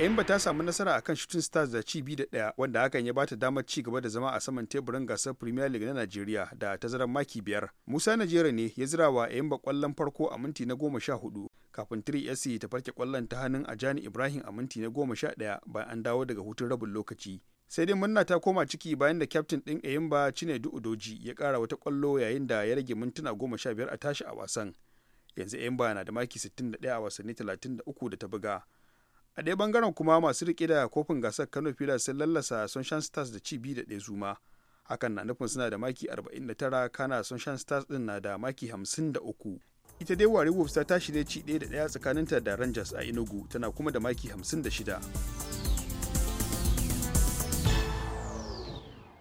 Emba ta samu nasara a kan Shooting Stars da ci biyu da ɗaya wanda hakan ya bata damar ci gaba da zama a saman teburin gasar Premier League na Najeriya da tazarar maki biyar. Musa Najera ne ya zira wa Emba kwallon farko a minti na goma sha hudu kafin 3SC ta farke kwallon ta hannun Ajani Ibrahim a minti na goma sha ɗaya bayan an dawo daga hutun rabin lokaci. sai dai murna ta koma ciki bayan da kyaftin ɗin cine du Udoji ya kara wata kwallo yayin da ya rage mintuna goma sha biyar a tashi a wasan. Yanzu Eyimba na da maki 61 a wasanni 33 da ta buga. a ɗaya bangaren kuma masu rike da kofin gasar kano fira sun lallasa sunshine stars da ci biyu da ɗaya zuma hakan na nufin suna da maki 49 kana sunshine stars din na da maki 53 ita dai wari wolves ta tashi ne ci ɗaya da ɗaya tsakaninta da rangers a inugu tana kuma da maki 56